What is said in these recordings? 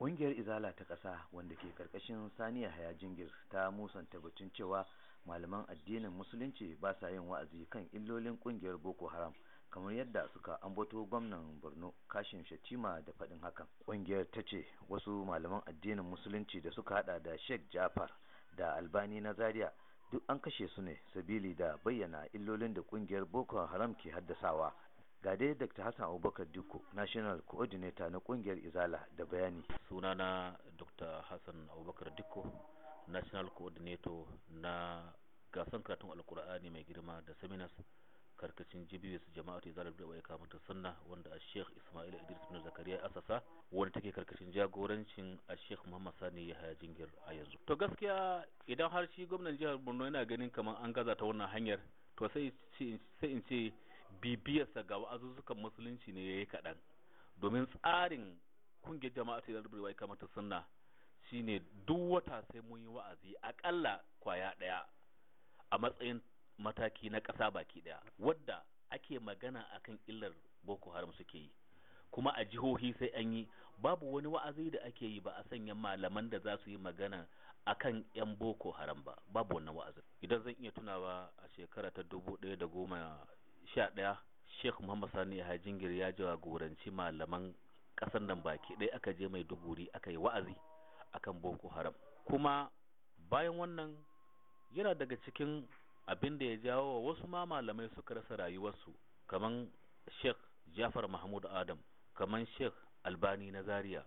Ƙungiyar Izala ta ƙasa wanda ke ƙarƙashin Saniya Yahaya Jingir ta musanta batun cewa malaman addinin Musulunci ba sa yin wa'azi kan illolin ƙungiyar Boko Haram kamar yadda suka ambato gwamnan Borno Kashim Shatima da faɗin hakan. Ƙungiyar ta ce wasu malaman addinin Musulunci da suka haɗa da Sheikh Jafar da Albani na Zaria duk an kashe su ne sabili da bayyana illolin da ƙungiyar Boko Haram ke haddasawa. ga dai dr hassan abubakar diko national coordinator na kungiyar izala da bayani sunana dr hassan abubakar diko national coordinator na gasan karatun alkur'ani mai girma da seminars karkashin jibiyus ta zalar da wai sunna wanda a sheikh ismail idris bin zakariya asasa wanda take karkashin jagorancin a sheikh muhammad sani ya haya jingir a yanzu to gaskiya idan har shi gwamnan jihar borno yana ganin kamar an gaza ta wannan hanyar to sai in ce bibiyarsa ga wa'azuzukan musulunci ne yayi kaɗan domin tsarin ƙungiyar jama'a ta yarbar wai kamar ta sunna shine duk wata sai mun yi wa'azi aƙalla kwaya ɗaya a matsayin mataki na ƙasa baki ɗaya wadda ake magana akan illar boko haram suke yi kuma a jihohi sai an yi babu wani wa'azi da ake yi ba a sanya malaman da za su yi magana akan 'yan boko haram ba babu wannan wa'azin idan zan iya tunawa a shekara ta dubu ɗaya da goma ɗaya sheikh muhammad sani ya jingir ya jagoranci malaman ƙasar nan baki ɗaya aka je mai duburi aka yi wa'azi akan boko haram kuma bayan wannan yana daga cikin abin da ya jawo wasu ma malamai suka rasa rayuwarsu kaman sheikh jafar mahmud adam kaman sheikh albani na zaria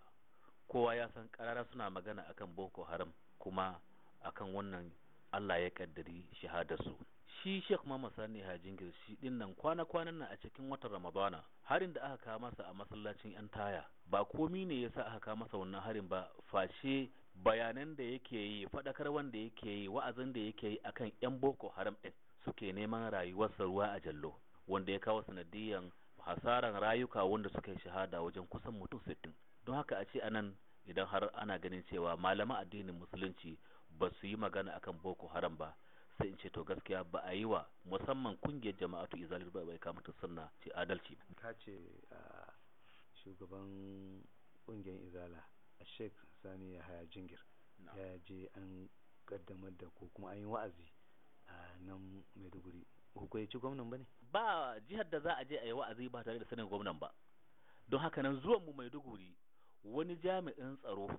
kowa ya san karara suna magana akan boko haram kuma akan wannan allah ya kaddari shahadarsu shi Sheikh Muhammad Sani Hajin shi din nan kwana-kwanan nan a cikin watan Ramadana harin da aka kawo masa a masallacin yan taya ba komi ne yasa aka kawo masa wannan harin ba Fashe bayanan da yake yi fadakar wanda yake yi wa'azin da yake yi akan yan Boko Haram din suke neman rayuwarsa ruwa a jallo wanda ya kawo sanadiyan hasaran rayuka wanda suka yi shahada wajen kusan mutum sittin. don haka a ce anan idan har ana ganin cewa malaman addinin musulunci ba su yi magana akan Boko Haram ba sai in ce to gaskiya ba a yi wa musamman kungiyar jama'atu izalir ba bai ta sunna ce adalci ba ka ce shugaban kungiyar izala sheikh sani ya haya jingir ya je an kaddamar da ko kuma an yi wa'azi a nan maiduguri ci gwamnan ba ne ba jihar da za a je a yi wa'azi ba tare da sanin gwamnan ba don haka nan zuwan mu maiduguri wani jami'in tsaro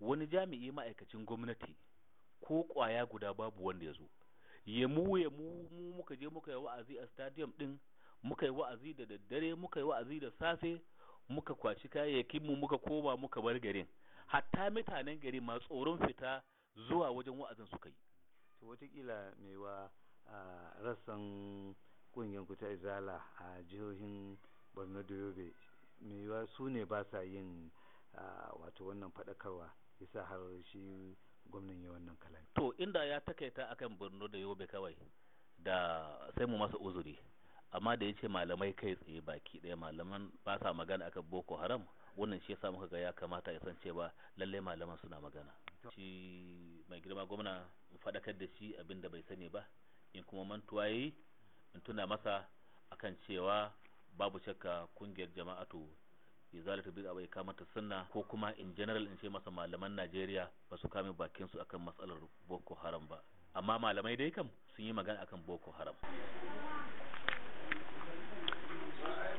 wani jami'i ma'aikacin gwamnati ko kwaya guda babu wanda ya zo yamu yamu mu muka je muka yi wa'azi a stadium din muka yi wa'azi da daddare muka yi wa'azi da safe muka kwaci kayayyakin mu muka koma muka bar garin hatta mutanen gari ma tsoron fita zuwa wajen wa'azin suka yi to watakila mai wa rassan kungiyar ku ta izala a jihohin borno da yobe mai wa su ne ba sa yin wato wannan faɗakarwa yasa har shi gwamnan ya wannan kalami to inda ya takaita akan Borno da Yobe kawai da sai mu masa uzuri amma da ya ce malamai kai tsaye baki ɗaya malaman ba sa magana akan Boko Haram wannan shi yasa muka ga ya kamata ya san cewa lalle malaman suna magana shi mai girma gwamna in faɗakar da shi abin da bai sani ba in kuma mantuwa yi in tuna masa akan cewa babu shakka kungiyar jama'atu izalatu bid'a bai ta sunna ko kuma in general in ce masa malaman Najeriya ba su kame bakin su akan matsalar Boko Haram ba amma malamai dai kam sun yi magana akan Boko Haram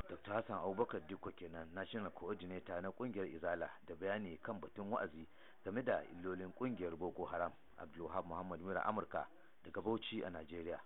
Dr. Hassan Abubakar Diko kenan National Coordinator na kungiyar Izala da bayani kan batun wa'azi game da illolin kungiyar Boko Haram Abdulwahab Muhammad Mura Amurka daga Bauchi a Najeriya